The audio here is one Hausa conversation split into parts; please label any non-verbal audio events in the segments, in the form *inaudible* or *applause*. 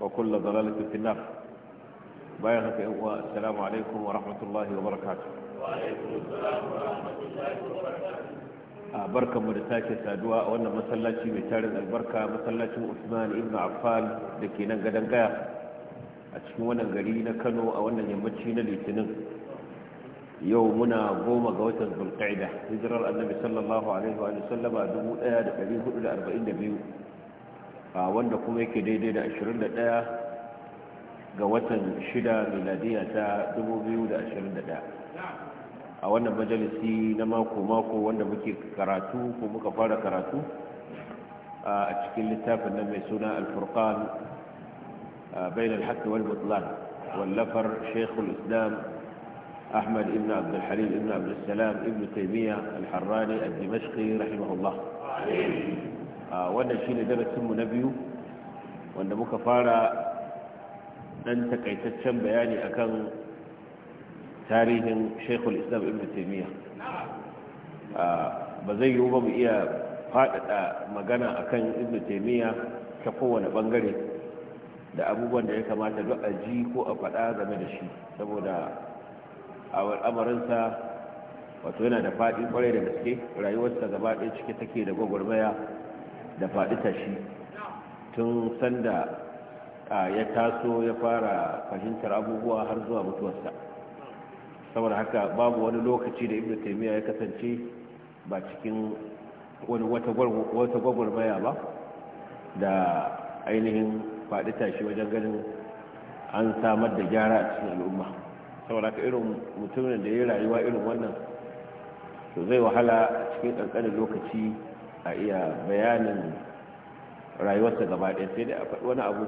وكل ضلالة في النار بايغة في أقوى السلام عليكم ورحمة الله وبركاته وعليكم السلام ورحمة الله وبركاته بركة مرتاكة سادواء وانا مسلاتي متارد البركة مسلاتي عثمان ابن عفان لكي ننقدن قايا أتشمونا قلينا كانوا أولا يمتشينا لتنم يومنا قوم قوتا بالقعدة هجر النبي صلى الله عليه وآله وسلم أدمو آد فليه إلى أربعين نبيو wanda kuma yake daidai da 21 ga watan 6 miladiya ta 2021 a wannan majalisi na mako-mako wanda muke karatu ko muka fara karatu a cikin littafin na mai suna alfurkan bayan alhaki wal mutlan wallafar shekul islam أحمد ibn عبد الحليم بن ibn السلام بن تيمية الحراني الدمشقي رحمه الله wannan shi ne darasinmu na biyu wanda muka fara dan takaitaccen bayani akan tarihin shekul islam ibn taimiyya ba zai yiwu ba mu iya faɗaɗa magana akan ibn taimiyya ta kowane ɓangare da abubuwan da ya kamata duk a ji ko a faɗa game da shi saboda a al'amarinsa wato yana da faɗi kwarai da gaske rayuwarsa gaba ɗaya cike take da gwagwarmaya da faɗi tashi tun sanda ya taso ya fara fahimtar abubuwa har zuwa mutuwarsa saboda haka babu wani lokaci da ibn taymiya ya kasance ba cikin wani wata gwagwarmaya ba da ainihin faɗi tashi wajen ganin an samar da gyara a cikin al'umma saboda haka irin mutumin da ya rayuwa irin wannan to zai wahala cikin ƙanƙanin lokaci a iya bayanin rayuwarsa gaba ɗaya sai dai a faɗi wani abu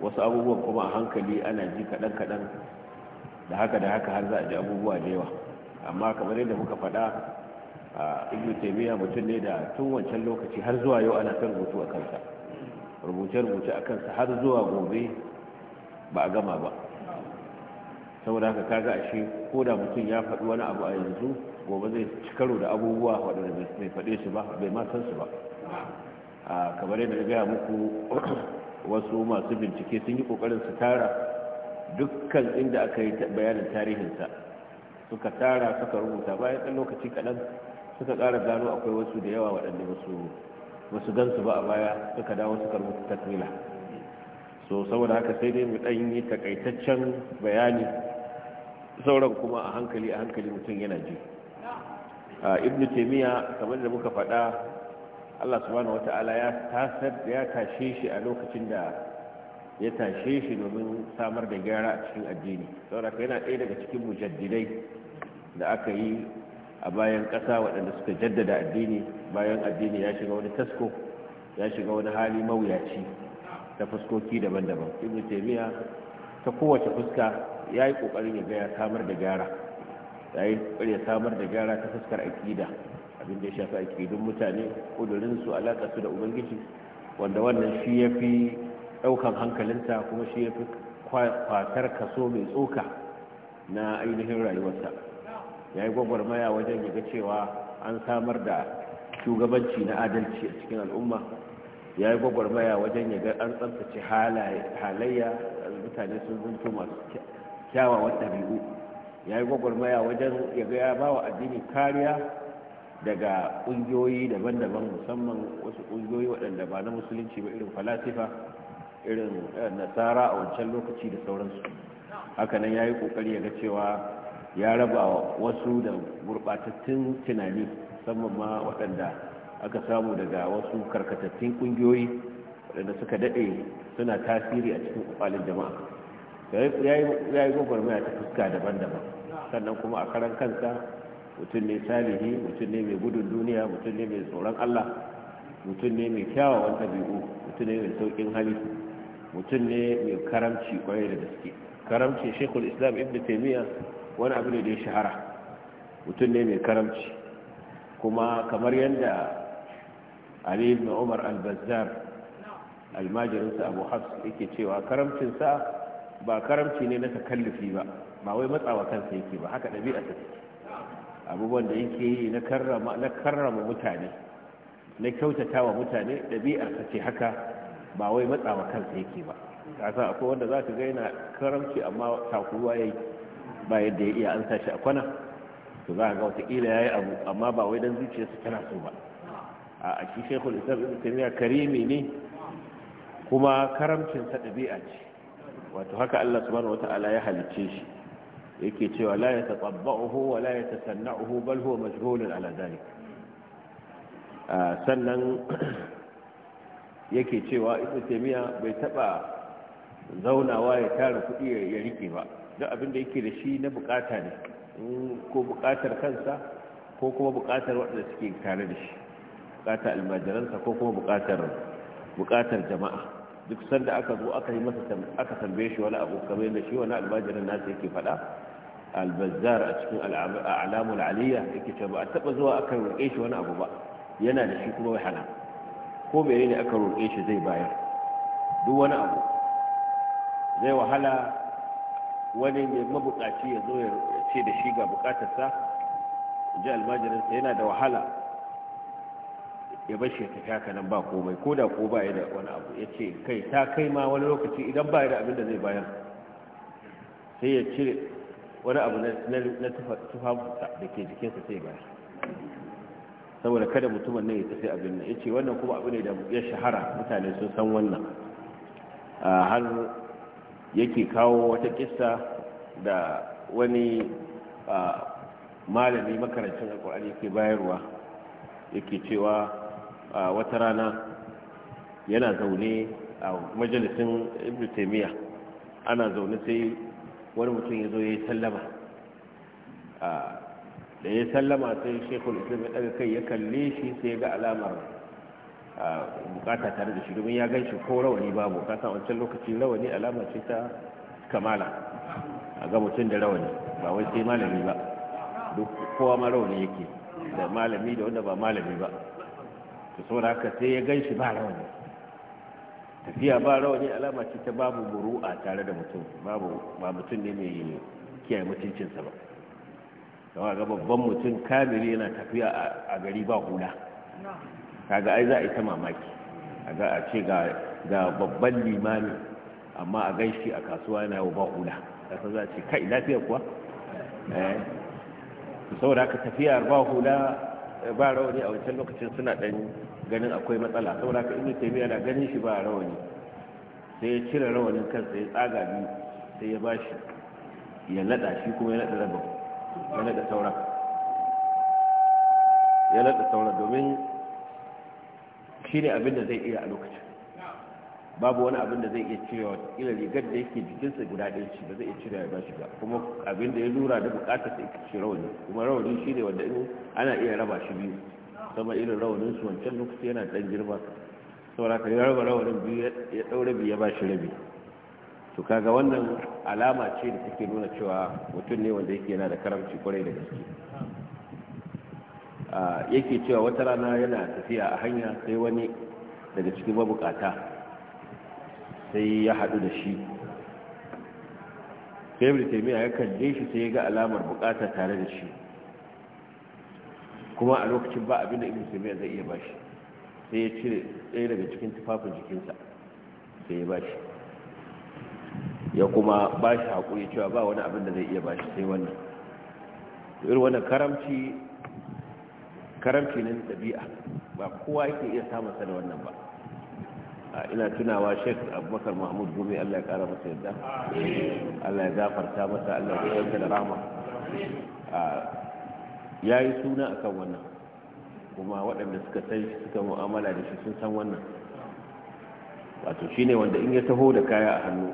wasu abubuwan kuma a hankali ana ji kaɗan-kaɗan da haka da haka har za a ji abubuwa da yawa amma kamar yadda muka faɗa a ibn taymiya mutum ne da tun wancan lokaci har zuwa yau ana kan rubutu a kansa rubuce-rubuce a kansa har zuwa gobe ba a gama ba saboda haka kaga ashe ko da mutum ya faɗi wani abu a yanzu gobe zai ci karo da abubuwa waɗanda bai faɗe su ba bai ma su ba a kamar yadda gaya muku *clears throat* wasu masu bincike sun yi ƙoƙarin su tara dukkan inda aka yi bayanin tarihinsa suka tara suka rubuta bayan ɗan lokaci kaɗan suka ƙara gano akwai wasu da yawa waɗanda ba su gan su ba a baya suka dawo suka rubuta takwila so saboda haka sai dai mu ɗan yi takaitaccen bayani sauran kuma a hankali a hankali mutum yana ji ibnu taymiya kamar da muka faɗa Allah subhanahu wata'ala ya tasar ya tashe shi a lokacin da ya tashe shi domin samar da gyara a cikin addini saboda yana ɗaya daga cikin mujaddidai da aka yi a bayan ƙasa waɗanda suka jaddada addini bayan addini ya shiga wani tasko ya shiga wani hali mawuyaci ta fuskoki daban-daban ibnu taymiya ta kowace fuska ya yi ƙoƙarin ya ga ya samar da gyara ya yi ya samar da gyara ta fuskar aƙida abin da ya shafi aƙidun mutane su alaka su da ubangiji wanda wannan shi ya fi ɗaukan hankalinta kuma shi ya fi kwatar kaso mai tsoka na ainihin rayuwarsa ya yi gwagwarmaya wajen yaga cewa an samar da shugabanci na adalci a cikin al'umma ya yi gwagwarmaya wajen yaga an tsabtace halayya mutane sun zunto masu kyawawan ɗabi'u ya yi gwagwarmaya wajen ya ga ya bawa addini kariya daga ƙungiyoyi daban-daban musamman wasu ƙungiyoyi waɗanda ba na musulunci ba irin falasifa irin eh, nasara a wancan lokaci da sauransu hakanan ya yi ƙoƙari ya ga cewa ya raba wasu da gurɓatattun tunani musamman ma waɗanda aka samu daga wasu karkatattun ƙungiyoyi waɗanda suka daɗe suna tasiri a cikin ƙwalin jama'a ya yi gwagwarmaya ta fuska daban-daban sannan kuma a karan kansa mutum ne salihi mutum ne mai gudun duniya mutum ne mai tsoron Allah mutum ne mai kyawawan ɗabi'u mutum ne mai saukin hali mutum ne mai karamci kwarai da gaske karamci shekul islam ibn taimiyya wani abu ne da ya shahara mutum ne mai karamci kuma kamar yadda ali ibn umar al-bazzar almajirinsa abu hafs yake cewa karamcinsa ba karamci ne na takallufi ba ba wai matsawa kansa yake ba haka ɗabi'a ta abubuwan da yake yi na karrama mutane na kyautata wa mutane ɗabi'ar ta ce haka ba wai matsawa kansa yake ba kasa akwai wanda za ka ga yana karamci amma takuruwa ya yi ba yadda ya iya an shi a kwana to za ka ga watakila ya yi abu amma ba wai don zuciyarsa tana so ba a shi shekul islam ibn taymiya karimi ne kuma karamcin sa ɗabi'a ce wato haka Allah subhanahu wata'ala ya halicce shi yake cewa la ya taqabba'uhu wa la ya tasanna'uhu bal huwa majhulun ala dhalik ah, sannan *clears throat* yake cewa ibnu taymiya bai taba zaunawa ya tara kuɗi ya rike ba duk abin da yake da shi na bukata ne ko bukatar kansa ko kuma bukatar wanda suke tare da shi bukatar almajiransa ko kuma bukatar jama'a duk sanda aka zo aka yi masa aka tambaye shi wani abu kamar yadda shi wani almajirin nasa yake faɗa albazar a cikin alamul aliyya yake ce ba a taɓa zuwa aka roƙe shi wani abu ba yana da shi kuma hana ko mene ne aka roƙe shi zai bayar duk wani abu zai wahala wani mai mabuƙaci ya zo ya ce da shi ga buƙatarsa ji almajirinsa yana da wahala ya bar shi tafi nan ba komai ko da ko ba ya wani abu ya ce kai ta kai ma wani lokaci idan ba ya da abin da zai bayar sai ya cire wani abu na tufafuta da ke jikinsa sai bayar saboda kada mutumin nan ya tafi abin nan ya ce wannan kuma abu ne da ya shahara mutane sun san wannan har yake kawo wata kissa da wani malami makarancin alkur'ani ke bayarwa yake cewa wata rana yana zaune a majalisin ibn taimiyya ana zaune sai wani mutum ya zo ya yi sallama da ya sallama sai shekul islam ya daga kai ya kalle shi sai ga alamar bukata tare da shi domin ya gan shi ko rawani babu kasan wancan lokacin rawani alama ce ta kamala a ga mutum da rawani ba wai sai malami ba duk kowa ma rawani yake da malami da wanda ba malami ba da saboda haka sai ya gan shi ba rawani tafiya ba rawani alama ce ta babu a tare da mutum babu ba mutum ne mai kiyaye mutuncinsa ba kama ga babban mutum kamiri yana tafiya a gari ba hula kaga ai za a yi ta mamaki a ga a ce ga babban limami amma a gan shi a kasuwa yana yau ba hula kasa za a ce kai lafiya kuwa eh. saboda haka tafiyar ba hula ba rawani a wancan lokacin suna dan ganin akwai matsala saboda ka ibnu taymiya da ganin shi ba rawani sai ya cire rawanin kansa ya tsaga biyu sai ya bashi ya nada shi kuma ya nada rabu ya nada saura ya nada saura domin shi ne abin da zai iya a lokacin babu wani abin da zai iya cewa ila rigar da yake jikinsa guda ɗaya ce ba zai iya cire ya bashi ba kuma abin da ya lura da bukatar sai ka ce rawani kuma rawani shi ne wanda ana iya raba shi biyu sama irin rawanin su wancan lokaci yana ɗan girma saboda ka yi raba rawanin biyu ya ɗaure biyu ya bashi rabi to kaga wannan alama ce da take nuna cewa mutum ne wanda yake yana da karamci kwarai da gaske ah, yake cewa wata rana yana tafiya a hanya sai wani daga cikin mabukata sai ya haɗu da shi sai ibn taymiya ya kalle shi sai ya ga alamar bukata tare da shi kuma a lokacin ba abin da ibn taymiya zai iya bashi sai ya cire ɗaya daga cikin tufafin jikinsa sai ya bashi ya kuma bashi haƙuri cewa ba wani abin da zai iya bashi sai wannan irin wannan karamci karamci ne ɗabi'a ba kowa yake iya samun sa da wannan ba ina tunawa sheik abubakar mahmud gumi allah ya kara masa yadda allah ya zafarta masa allah ya kwanke da rama ya yi suna akan wannan kuma waɗanda suka san shi suka mu'amala da shi sun san wannan wato shine wanda in ya taho da kaya a hannu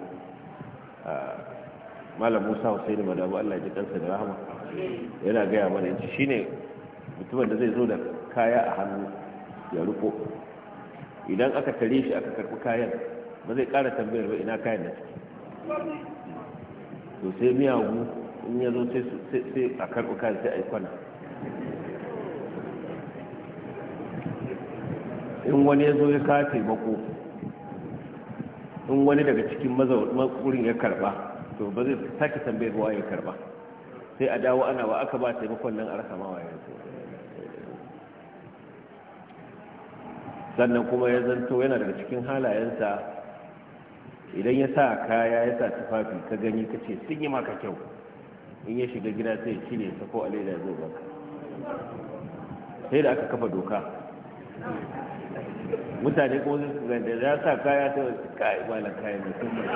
malam musa hussein madabu allah ji kansa da rahama yana gaya mana yanci shine mutumin da zai zo da kaya a hannu ya rufo. idan aka tare shi aka karɓi kayan ba zai ƙara tambayar ba ina kayan da ciki to sai miyagu in ya zo sai a karɓi kayan sai a yi kwana in wani ya zo ya kawo taimako in wani daga cikin mazaurin ya karɓa to ba zai sake tambayar waye ya karɓa sai a dawo ana ba aka ba taimakon nan a rasa mawa ya sannan kuma ya zanto yana daga cikin halayensa idan ya sa kaya ya sa tufafi ka gani ka ce sun yi maka kyau in ya shiga gida sai cire ta ko alaida ya zo baka sai da aka kafa doka mutane kuma zai su ganda ya sa kaya ta wasu kai bala kayan da sun mai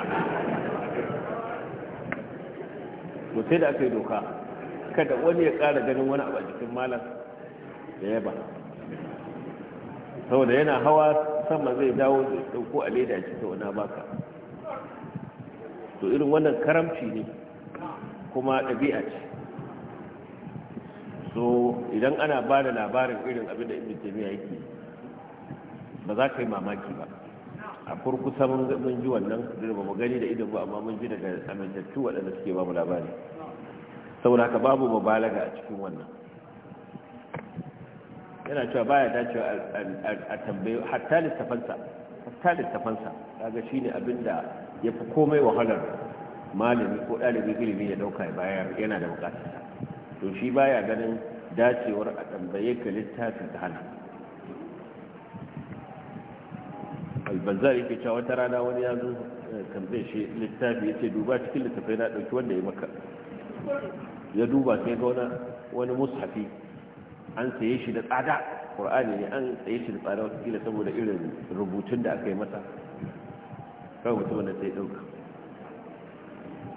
sai da aka yi doka kada wani ya kara ganin wani abu a jikin malam da ya ba saboda yana hawa sama zai dawo zai dauko a leda ce ta wana baka to irin wannan karamci ne kuma ɗabi'a ce so idan ana ba da labarin irin abinda da ibn taymiya yake ba za ka yi mamaki ba a kurkusa mun ji wannan zai ba mu gani da idan ba amma mun ji daga amintattu waɗanda suke ba mu labari saboda haka babu mubalaga a cikin wannan yana cewa baya dacewa a tambayi hatta littafansa hatta littafansa kaga shine abin da ya fi komai wahalar malami ko ɗalibin ilimi ya ɗauka ya bayar yana da bukatarsa to shi baya ganin dacewar a tambaye ka littafin ta hana albazar yake cewa wata rana wani ya zo eh, tambaye shi littafi ya ce duba cikin littafai na ɗauki wanda ya maka ya duba sai ga wani mushafi an saye shi da tsada ƙwar'ani ne an saye shi da tsada watakila saboda irin rubutun da aka yi masa kawai mutum wanda sai ɗauka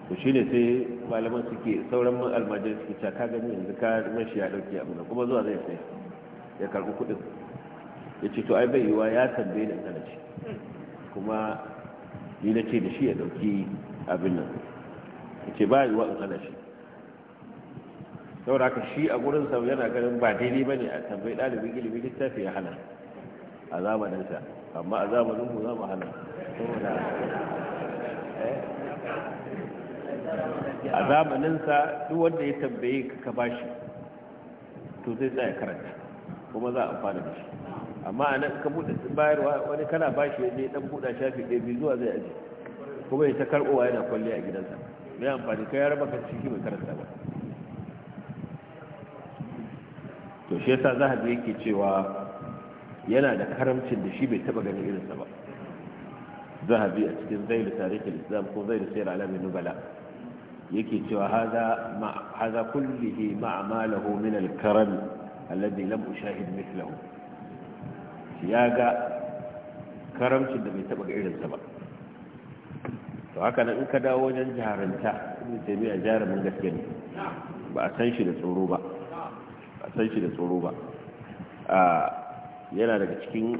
to shi ne sai malaman suke sauran man almajiri suke caka gani yanzu ka mashi ya ɗauki abu na kuma zuwa zai sai ya karɓi kuɗin ya ce to ai bai yiwa ya tambaye da kana ce kuma ni na ce da shi ya ɗauki abin nan ya ce ba yiwa in hana shi saboda haka shi a gurin sa yana ganin ba daidai bane a tambayi ɗalibin ilimi littafi ya hana a zamaninsa amma a zamanin mu za mu hana eh, a zamaninsa duk wanda ya tambaye ka bashi to zai tsaya karanta kuma za a amfana da shi amma a nan ka buɗe bayarwa wani kana bashi ne dan buɗa shafi ɗaya biyu zuwa zai aji kuma ya ta karɓowa yana kwalliya a gidansa mai amfani ka ya raba ciki mai karanta ba to shi yasa zahabi yake cewa yana da karamcin da shi bai taba ganin irinsa ba zahabi a cikin zai da tarihin islam ko zai da sayar alamin nubala yake cewa haza kullihi ma'amalahu min al-karam alladhi lam ushahid mithlahu ya ga karamcin da bai taba ga irinsa ba to haka nan in ka dawo wajen jaranta in a jarumin gaske ne ba a san shi da tsoro ba a san shi da tsoro ba yana daga cikin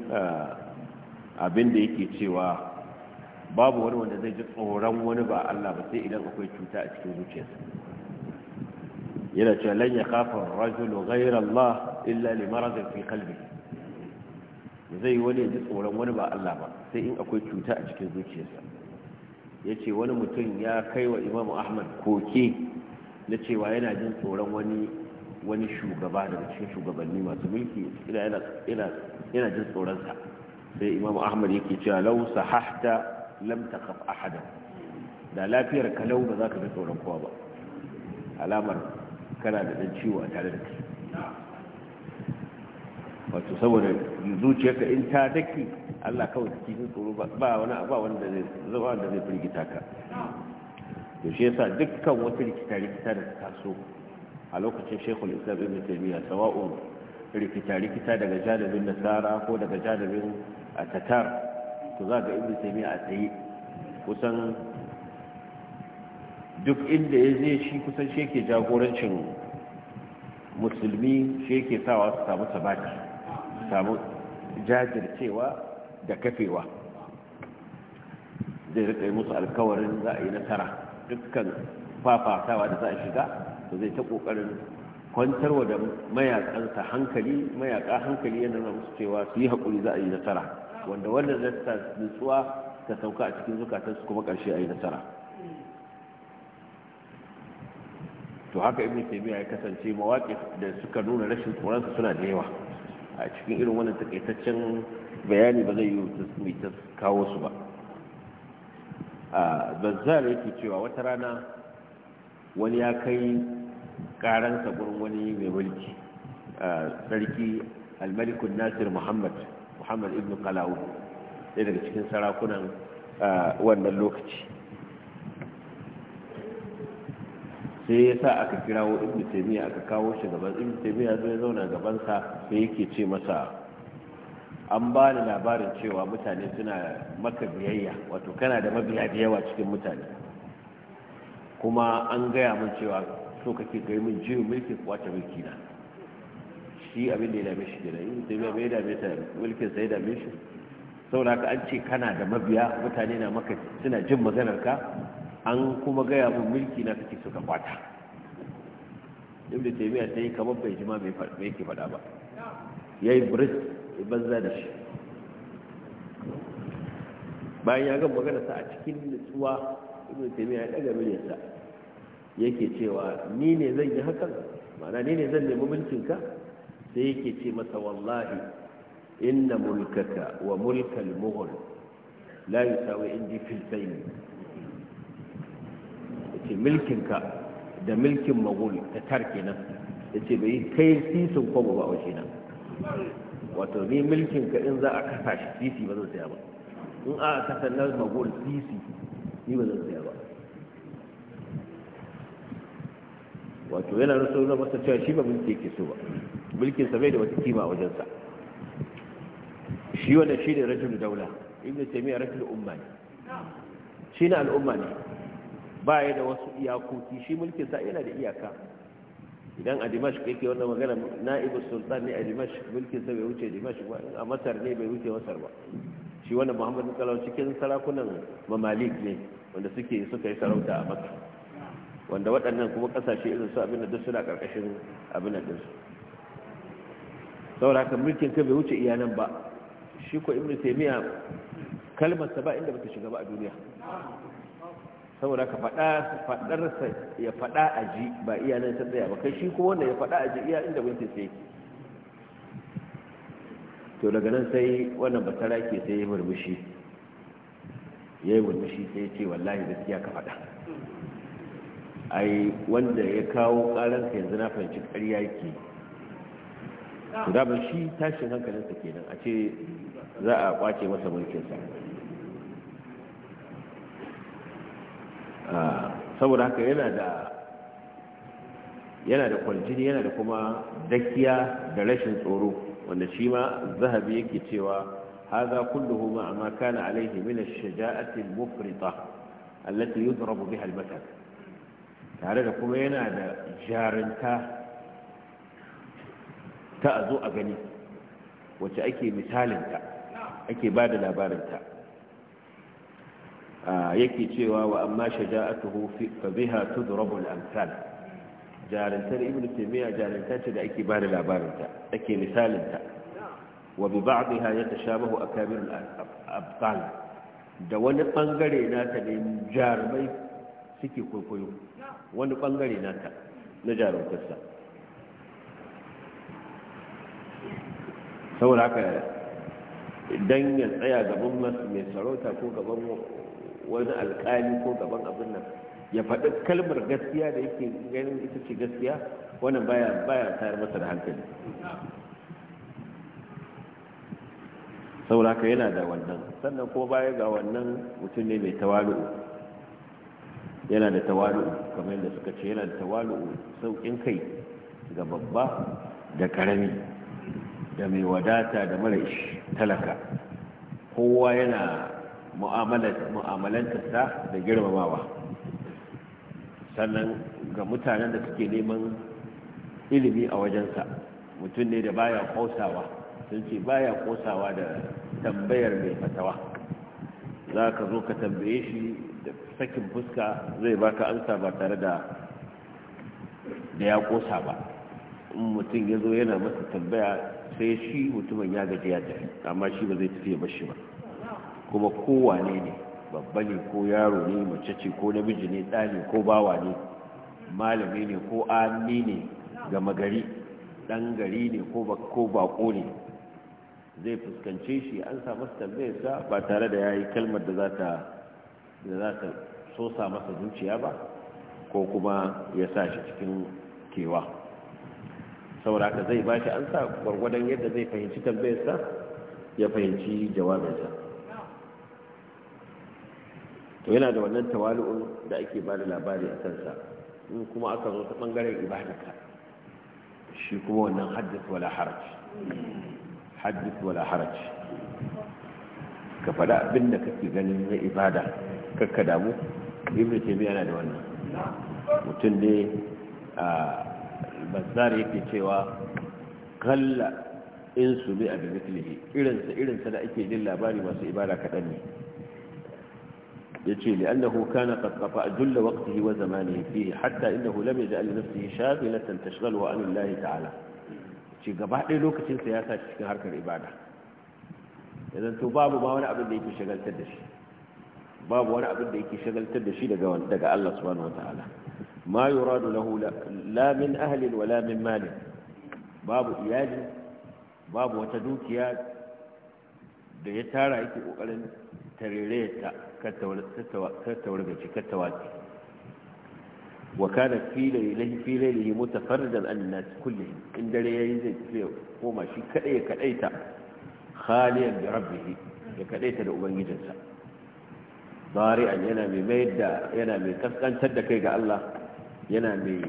abin da yake cewa babu wani wanda zai ji tsoron wani ba Allah ba sai idan akwai cuta a cikin zuciyarsa yana cewa lan yakhafa rajulu ghayra Allah illa li marad fi qalbi zai wani ji tsoron wani ba Allah ba sai in akwai cuta a cikin zuciyarsa yace wani mutum ya kai wa Imam Ahmad koke na cewa yana jin tsoron wani wani shugaba daga cikin shugabanni masu mulki yana jin tsoronsa sai imamu ahmad yake cewa lau sahahta lam takhaf ahada da lafiyar ka lau ba za ka ji tsoron kowa ba alamar kana da dan ciwo a tare da kai wato saboda zuciyarka in ta daki Allah kawai take jin tsoro ba wani ba wanda zai zama da zai firgita ka yaushe shi yasa dukkan wata rikita rikita da ta taso a lokacin shekul islam ibn taymiya sawa'un rikita rikita daga jadabin nasara ko daga a tatar to za ga ibn taymiya a tsaye kusan duk inda ya zai shi kusan shi ke jagorancin musulmi shi ke sawa su samu sabaki su samu jajircewa da kafewa zai rikai yi musu alkawarin za a yi nasara dukkan fafatawa da za a shiga to zai ta kokarin kwantarwa da mayakansa hankali mayaka hankali yana nuna musu cewa su yi haƙuri za a yi nasara wanda wannan zata nutsuwa ta sauka a cikin su kuma ƙarshe a yi nasara to haka ibn taymiya ya kasance mawaqif da suka nuna rashin tsoronsa suna da yawa a cikin irin wannan takaitaccen bayani ba zai yi mai ta kawo su ba a bazzar yake cewa wata rana wani ya kai karansa gurin wani mai mulki sarki almalikun nasir muhammad muhammad ibn kalawu ɗaya daga cikin sarakunan wannan lokaci sai ya sa aka kirawo ibn taimiyya aka kawo shi gaban ibn taimiyya zai zauna gabansa sai yake ce masa an ba ni labarin cewa mutane suna maka biyayya wato kana da mabiya da yawa cikin mutane kuma an gaya min cewa so kake kai min jiyo mulkin wata mulki na shi abin da ya dame shi gina in da bai dame ta mulkin sai dame shi saboda haka an ce kana da mabiya mutane na maka suna jin maganar ka an kuma gaya min mulki na kake suka kwata ibnu ta sai kamar bai jima bai ke faɗa ba ya birist bris banza da shi bayan ya ga magana sa a cikin nutsuwa ibn taymiya ya daga miliyarsa yake cewa ni ne zan yi hakan Mana ni ne zan nemi mulkinka sai yake ce masa wallahi inna mulkaka wa mulkal mughul la yusawi indi fil sayn yace mulkinka da mulkin mughul ta tarke nan yace bai kai sisin kwabo ba waje nan wato ni ka in za a kasa shi sisi ba zan saya ba in a kasa nan mughul sisi ni ba zan saya wato yana rasu na masa cewa shi ba mulki yake so ba mulkin sa bai da wata kima wajen sa shi wanda shi ne rajul daula ibn taymiya rajul umma ne shi ne al'umma ne ba ya da wasu iyakoki shi mulkin sa yana da iyaka idan a dimashq yake wannan magana na'ibu sultan ne a dimash mulkin sa bai wuce dimash ba a masar ne bai wuce masar ba shi wannan muhammadu kalawa cikin sarakunan mamalik ne wanda suke suka yi sarauta a makka wanda waɗannan kuma ƙasashe irin su abin da duk suna ƙarƙashin abin da su saboda haka mulkin ka bai wuce iyanan ba shi ko ibnu taymiya kalmar sa ba inda bata shiga ba a duniya saboda ka faɗa faɗarsa ya faɗa a ji ba iyanan ta tsaya ba kai shi ko wanda ya faɗa a ji iya inda bai sai to daga nan sai wannan batara ke sai ya murmushi ya yi murmushi sai ya ce wallahi gaskiya ka faɗa ai wanda ya kawo karanka yanzu na fahimci ƙarya yake da ba shi tashin hankalinsa kenan a ce za a kwace masa mulkinsa ah, saboda haka yana da yana da yana da kuma dakiya da rashin tsoro wanda shi ma zahabi yake cewa haza kulluhu ma amma kana alaihi min ash-shaja'ati al-mufrita allati yudrabu biha al-matal tare da kuma yana da jarinta ta a zo a gani wacce ake misalinta ake ba da labarinta yake cewa wa amma shaja'atuhu fa biha tudrabu amsal jarintar ibnu taymiya jarinta ce da ake ba da labarinta ake misalinta wa bi ba'dha yatashabahu akabir al-abtal da wani bangare na ta ne jarumai suke kwaikwayo wani bangare nata na jarumtarsa saboda haka idan ya tsaya gaban mai sarauta ko gaban wani alkali ko gaban abin nan ya faɗi kalmar gaskiya da yake ganin ita ce gaskiya wani baya baya tayar masa da hankali saboda haka yana da wannan sannan ko baya ga wannan mutum ne mai tawalu yana da tawalu'u kamar yadda suka ce yana da tawalu'u saukin kai ga babba da karami da mai wadata da mara talaka kowa yana mu'amalantarsa da girmamawa sannan ga mutanen da suke neman ilimi a wajensa mutum ne da baya kosawa sun ce baya kosawa da tambayar mai fatawa za ka zo ka tambaye shi da sakin fuska zai baka amsa ba tare da da ya kosa ba in mutum ya zo yana masa tambaya sai shi mutumin ya gaji ya tafi amma shi ba zai tafi ya bashi ba kuma kowa ne babba ne ko yaro ne mace ce ko namiji ne ɗa ne ko bawa ne malami ne ko ami ne gama gari ɗan gari ne ko bako ne zai fuskance shi an samu tambayarsa ba tare da ya yi kalmar da za ta da za ta sosa masa zuciya ba ko kuma ya sa shi cikin kewa saboda haka zai ba shi an sa gwargwadon yadda zai fahimci tambayarsa ya fahimci jawabinsa to yana da wannan tawali'un da ake ba da labari a kansa in kuma aka zo ta bangaren ibadaka shi kuma wannan haddith wala haraj haddith wala haraj ka faɗa abin da kake ganin na ibada kakka damu ibn taymiya yana da wannan mutum ne a yake cewa kalla in su bi a bimitlihi irinsa irinsa da ake jin labari masu ibada kaɗan ne ya ce li annahu kana qad a julla waqtihi wa zamanihi fihi hatta innahu lam yaj'al li nafsihi shaghilatan tashghaluhu an Allah ta'ala ce gaba ɗaya lokacin sa ya sa cikin harkar ibada yanzu to babu ba wani abin da yake shagaltar da shi babu wani abin da yake shagaltar da shi daga Allah subhanahu wataala ma yuradu lahu la min wa wala min mali babu iyali babu wata dukiya da ya tara yake kokarin tarere ta kattawargaci kattawaki wa kana filai lailihi fi lailihi mutafarridan an nas kullihim in dare yayi zai tafi koma shi kadai ya kadaita khaliyan bi rabbih ya kadaita da ubangijinsa bari'an yana mai mayar da yana mai kaskantar da kai ga Allah yana mai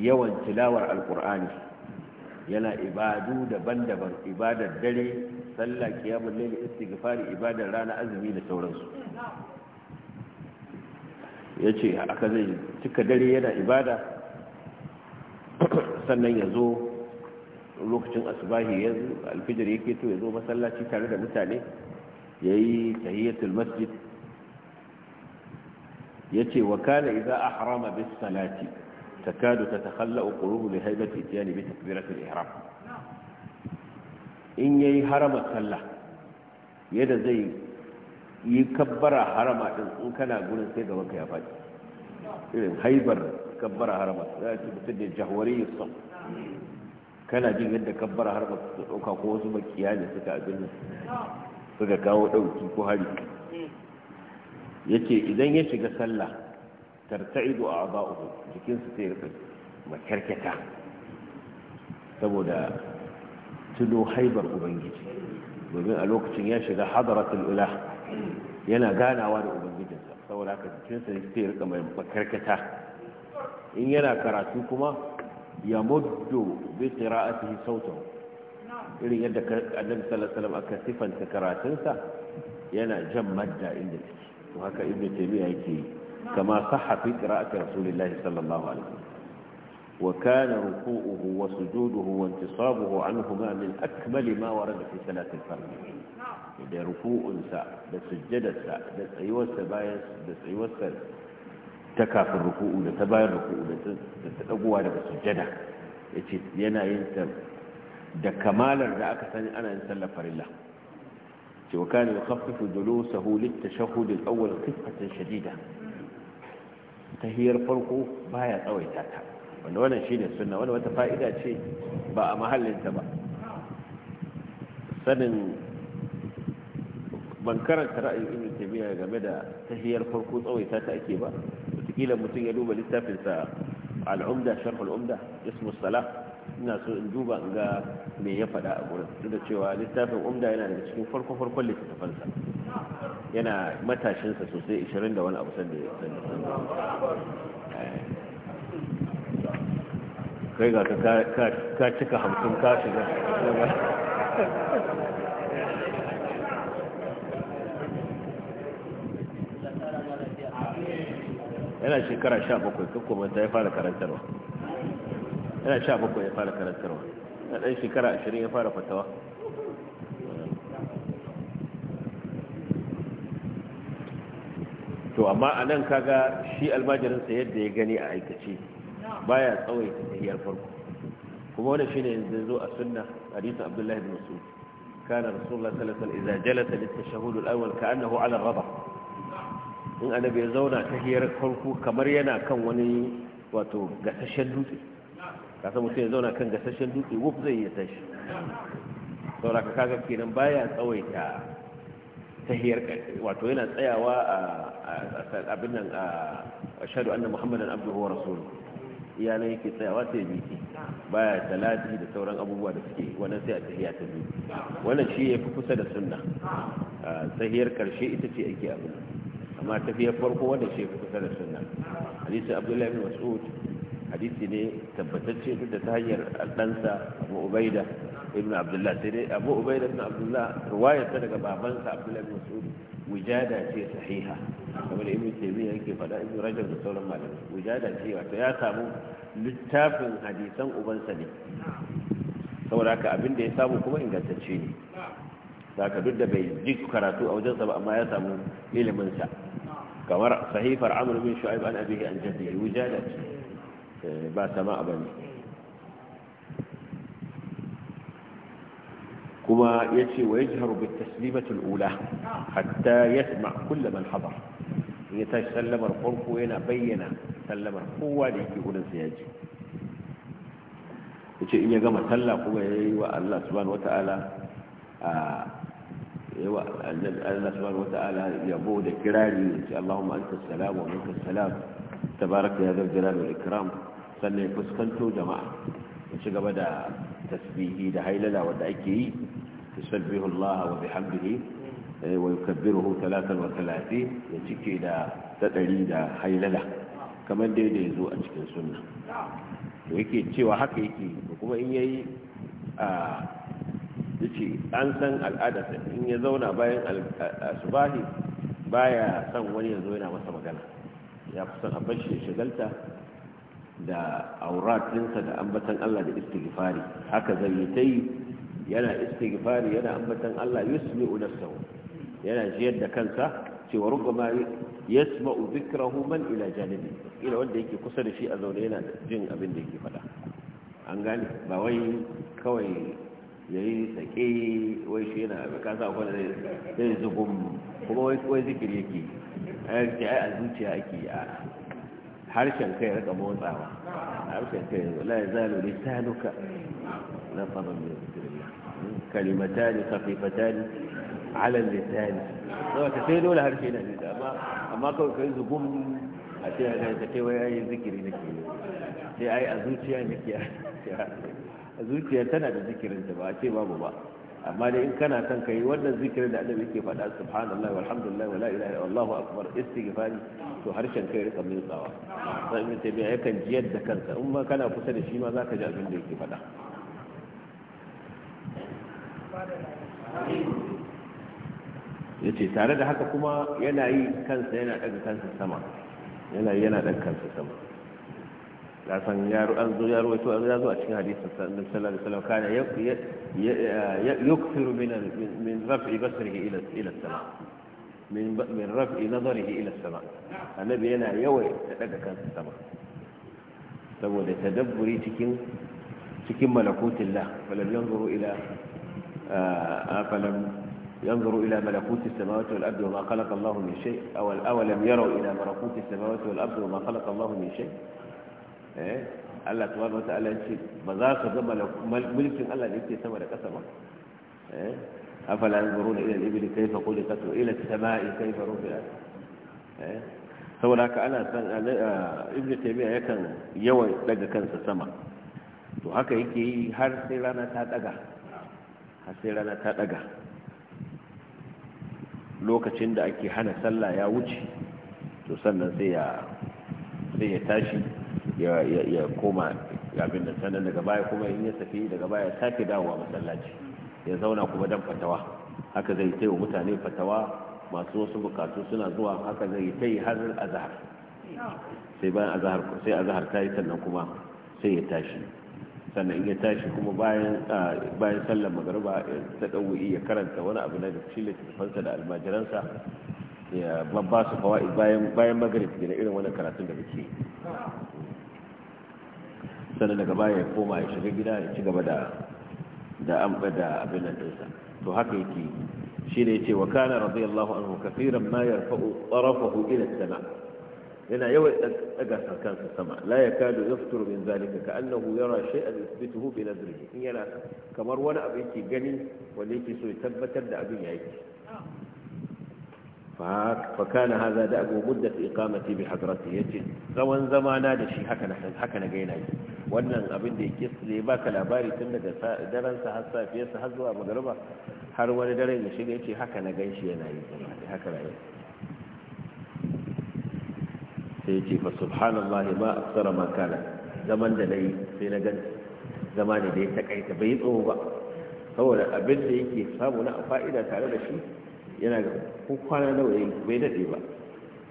yawan tilawar alkur'ani yana ibadu daban-daban ibadar dare sallah kiyamul layl istighfari ibadar rana azumi da sauransu yace haka zai cika dare yana ibada sannan ya zo lokacin asubahi yanzu alfijir yake to ya zo masallaci tare da mutane ya yi tahiyyatul masjid ya ce wa kana idza ahrama bis salati takadu tatakhalla'u da li haybati ityani bi takbirati al-ihram in ya yi harama sallah yadda zai yi kabbara harama din in kana gurin sai gaban ka ya faɗi irin haibar kabbara harama za ta mutum da jahwari yusuf kana jin yadda kabbara harama su ɗauka ko wasu makiya ne suka abin suka kawo ɗauki ko hari yace idan ya shiga sallah tarta'idu a'da'uhu jikinsa sai rika makarkata saboda tuno haibar ubangiji domin a lokacin ya shiga hadaratul ula yana ganawa da ubangijinsa saboda haka jikinsa sai rika mai makarkata in yana karatu kuma ya muddu bi qira'atihi sautahu irin yadda annabi sallallahu alaihi wasallam aka sifanta karatunsa yana jan madda inda take to haka ibn taymiya yake yi kama sahha fi qira'ati rasulillahi sallallahu alaihi wasallam wa kana ruku'uhu wa sujuduhu wa intisabuhu anhuma min akmali ma warada fi salati al-fard da ruku'unsa da sa da tsayuwar sa bayan da tsayuwarsa ta kafin ruku'u da ta bayan ruku'u da ta dagowa daga sujjada yace yana yin ta da kamalar da aka sani ana yin sallar farilla وكان يخفف جلوسه للتشهد الأول خفة شديدة تهير فرقه باية أويتاتها wanda wannan shine sunna wanda wata fa'ida ce ba a mahallinta ba sanin ban karanta ra'ayin ibn taymiya game da tahiyar farko tsawaita ta ake ba wataƙila mutum ya duba littafinsa al'umda sharh al'umda ismu ina so in duba in ga me ya faɗa a gurin duk da cewa littafin umda yana daga cikin farko farkon littattafansa yana matashinsa sosai 20 da wani abu sanda ya sanda kai ga ka cika hamsin ka shiga yana shekara 17 kuma ta ya fara karantarwa yana sha bakwai ya fara karantarwa na ɗan shekara ashirin ya fara fatawa to amma a nan kaga shi almajirinsa yadda ya gani a aikace baya tsawai tahiyar farko kuma wanda shine yanzu zo a sunna hadisi abdullahi bin mas'ud kana rasulullah sallallahu alaihi wasallam idza jalasa litashahhud al-awwal ka'annahu ala al-ghadab in annabi ya zauna hiyar farko kamar yana kan wani wato gasashen dutse ka san mutum ya zauna kan gasashen dutse wuf zai iya tashi Saura ka kaga kenan baya tsawaita tahiyar wato yana tsayawa a abin nan a shaɗu annan muhammadan abubuwa wa rasuluhu iyana yake tsayawa sai biki baya talati da sauran abubuwa da suke wannan sai a tahiya ta biyu wannan shi ya fi kusa da sunna tahiyar karshe ita ce ake abin amma tafiyar farko wanda shi ya fi kusa da sunna hadisi abdullahi bin mas'ud hadisi ne tabbatacce duk da ta hanyar ɗansa abu ubaida ibn abdullah sai dai abu ubaida ibn abdullah ruwayarsa daga babansa abdullah ibn mas'ud wujada ce sahiha kamar da ibn taymiya yake faɗa ibn rajab da sauran malamai wujada ce wato ya samu littafin hadisan ubansa ne saboda haka abin da ya samu kuma ingantacce ne haka duk da bai ji karatu a wajensa ba amma ya samu iliminsa kamar sahifar amr bin shu'aib an abihi an jaddi wujada ce Eh, ba sama'a ba ne kuma ya ce wa ya ji harubin taslimatul ula hatta ya sama kulle man habar ya ta sallamar farko yana bayyana sallamar kowa da yake gudunsa ya ji ya ce in ya gama sallah kuma ya yi wa allah subhanahu wata'ala a yawa allah subhanahu ta'ala yabo da kirari ya ce allahumma anta salam wa minka salam tabaraka ya zar da ikram sannan ya fuskanto jama'a ya ci gaba da tasbihi da hailala wanda ake yi tusabbihu Allah wa bihamdihi wa yukabbiruhu ya cike da tsadari da hailala kamar daidai da zo a cikin sunna to yake cewa haka yake kuma in yayi a yace an san al'ada in ya zauna bayan asubahi baya san wani yazo yana masa magana ya kusan son abin shi shagalta da auratinsa da ambatan Allah da istighfari haka zai yi ta yi yana istighfari yana ambatan Allah yusmi'u nafsahu yana jiyar da kansa cewa rubama yasma'u hu man ila janibi ila wanda yake kusa da shi a zaune yana jin abin da yake faɗa an gane ba wai kawai ya yi sake wai shi yana da kasa da zai zugun kuma wai zikiri yake ayyarci ai a zuciya ake a harshen kai rika motsawa harshen kai la ya zalo ne tanuka na tsaron mai kalimata ne kafifata ne alal lisani sau ka sai dole harshe na nisa amma kawai kai zugun a ce a kai wai ayi zikiri nake sai ai a zuciya a. zuciyar tana da zikirinta ba a ce babu ba amma dai in kana son kai wannan zikirin da annabi yake faɗa subhanallahi walhamdulillahi wala ilaha illallah akbar istighfari to harshen kai rika mintsawa sai mun tabi yakan jiyar da kansa in ma kana kusa da shi ma zaka ji abin da yake faɗa yace tare da haka kuma yana yi kansa yana daga kansa sama yana yana daga kansa sama ya san yaro an zo yaro wato an zo a cikin hadisin sallallahu alaihi wasallam kana yukfiru min min raf'i basrihi ila ila sama min min raf'i nazarihi ila sama annabi yana yawai da daga kansa sama saboda tadabburi cikin cikin malakutillah falam yanzuru ila falam ينظر إلى ملكوت السماوات والأرض وما خلق الله من شيء أو أولم يروا إلى ملكوت السماوات والأرض وما خلق الله من شيء eh ta subhanahu wata'ala ce ba za ka ga mulkin Allah da ke sama da ƙasa ba eh afala yanzuruna ila al-ibil kayfa khuliqat wa ila as-sama'i kayfa rufi'at eh saboda ka ana san ibnu taymiya yakan yawan daga kansa sama to haka yake yi har sai rana ta daga har sai rana ta daga lokacin da ake hana sallah ya wuce to sannan sai ya sai ya tashi ya koma abin da sannan daga baya kuma in ya tafi daga baya sake dawowa masallaci ya zauna kuma dan fatawa haka zai tayi mutane fatawa masu wasu bukatu suna zuwa haka zai tayi har azhar sai bayan sai azahar ta yi sannan kuma sai ya tashi sannan in ya tashi kuma bayan sallar magariba ta dawuyi ya karanta wani abu na da shi da almajiransa ya babba su fawaid bayan magarib magrib da irin wani karatun da muke sannan daga baya ya koma ya shiga gida ya ci gaba da da an da abin da ɗinsa to haka yake shi ne ce wa kana radiyallahu anhu kafiran ma yarfa'u tarafahu ila sama yana yawan daga kansa sama la yakadu yaftur min zalika ka annahu yara shay'an yuthbituhu bi nazrihi in yana kamar wani abu yake gani wanda yake so ya tabbatar da abin yayi فكان هذا دأب مدة إقامتي بحضرته يجد زمن زمانا دشي هكا نحن هكا نقينا wannan abin da yake ne baka labari tun daga daren sa har safiyar sa har zuwa magariba har wani daren ya shiga yace haka na ganshi yana yi haka rayu sai yace fa subhanallahi ma aksara ma kana zaman da nayi sai na ganshi zama ne da ya takaita bai tsoho ba saboda abin da yake samu na fa'ida tare da shi yana ga ko kwana nawa yayi bai dade ba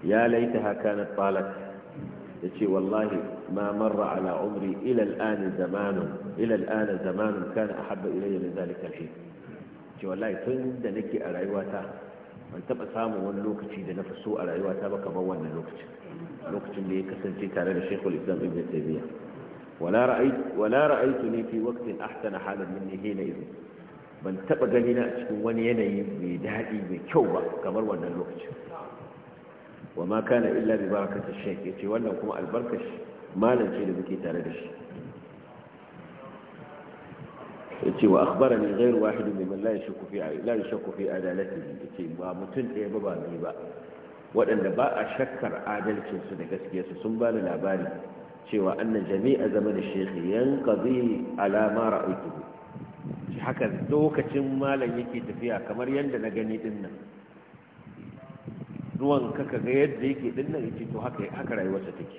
ya laita haka na tsalat ya ce wallahi ma marra ala umri ila al'ana zamanun ila al'ana zamanun kana ahabba ilayya min zalika alhin ce wallahi tun da nake a rayuwata ban taba samun wani lokaci da na fi so a rayuwata ba kamar wannan lokacin lokacin da ya kasance tare da shekul islam ibn taymiya wala ra'aytu wala ra'aytu ni fi waqtin ahsana halan minni hina idin ban taba gani na cikin wani yanayi mai daɗi mai kyau ba kamar wannan lokacin wa ma kana illa bi barakati shaykh yace wannan kuma albarkar malam ce da muke tare da shi yace wa akhbarani ghayr wahid mimman la yashku fi la yashku fi adalatihi yace ba mutun ɗaya ba ba ni ba waɗanda ba a shakkar adalcinsu da gaskiyarsu sun ba da labari cewa annan jami'a zama da shekhi yankazi alama ra'aituhu shi haka lokacin malam yake tafiya kamar yadda na gani din nan ruwan ka ga yadda yake dinnan yake to haka haka rayuwarsa take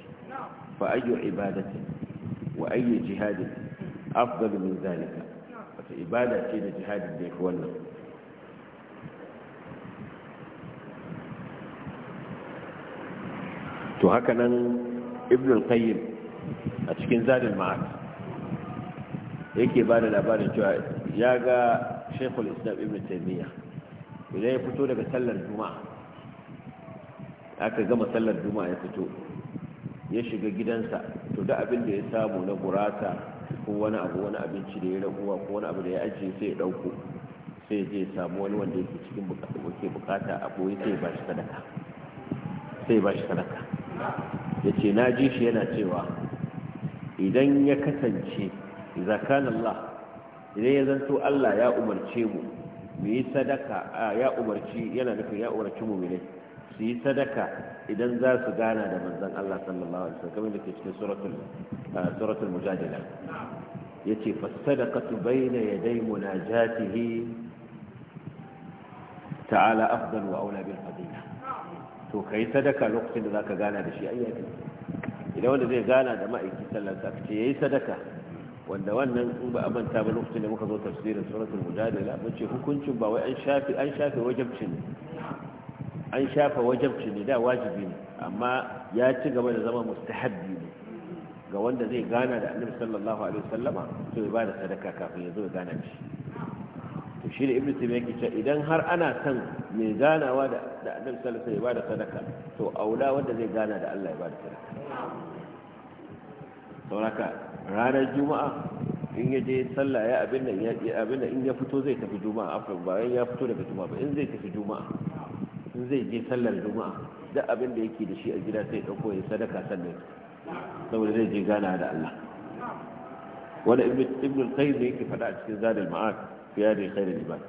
fa ayyu ibadatin wa ayyu jihadin afdal min zalika wata ibada ce da jihadin da yake wannan to haka nan ibn al-qayyim a cikin zadin ma'ad yake ba da labarin cewa ya ga shekul islam ibn taimiyya idan ya fito daga sallar juma'a aka gama sallar juma'a ya fito ya shiga gidansa to da abin da ya samu na gurata ko wani abu wani abinci da ya raguwa ko wani abu da ya ajiye sai ya dauko sai je samu wani wanda yake cikin bukata a boye sai ba shi sadaka sai ba shi sadaka ya ce na ji shi yana cewa idan ya kasance zakanallah idan ya zanto Allah ya umarce mu mu yi sadaka ya umarci yana nufin ya umarci mu ne su yi sadaka idan za su gana da manzon Allah sallallahu alaihi wasallam kamar da ke cikin suratul suratul mujadila yace fasadaqatu bayna yaday munajatihi ta'ala afdal wa aula bil fadila to kai sadaka lokacin da zaka gana da shi ayyaka idan wanda zai gana da ma'aiki sallallahu alaihi wasallam yayi sadaka wanda wannan in ba a manta ba lokacin da muka zo tafsirin suratul mujadila mun ce hukuncin ba wai an shafi an shafe wajibcin an shafa wajabci ne da wajibi ne amma ya ci gaba da zama mustahabbi ne ga wanda zai gana da annabi sallallahu alaihi wasallama to ya bada sadaka kafin ya zo ya gana shi to shi da ibnu taymiya yake cewa idan har ana son mai ganawa da da annabi sallallahu alaihi wasallama ya bada sadaka to aula wanda zai gana da Allah ya bada sadaka sauraka ranar juma'a in ya je sallah ya abin nan ya abin nan in ya fito zai tafi juma'a afan bayan ya fito daga juma'a ba in zai tafi juma'a in zai je sallar juma'a duk abin da yake da shi a gida sai ɗauko ya sadaka sannan saboda zai je gana da Allah wani ibn al-qayyim yake faɗa a cikin zadul ma'ad fi yadi al ibad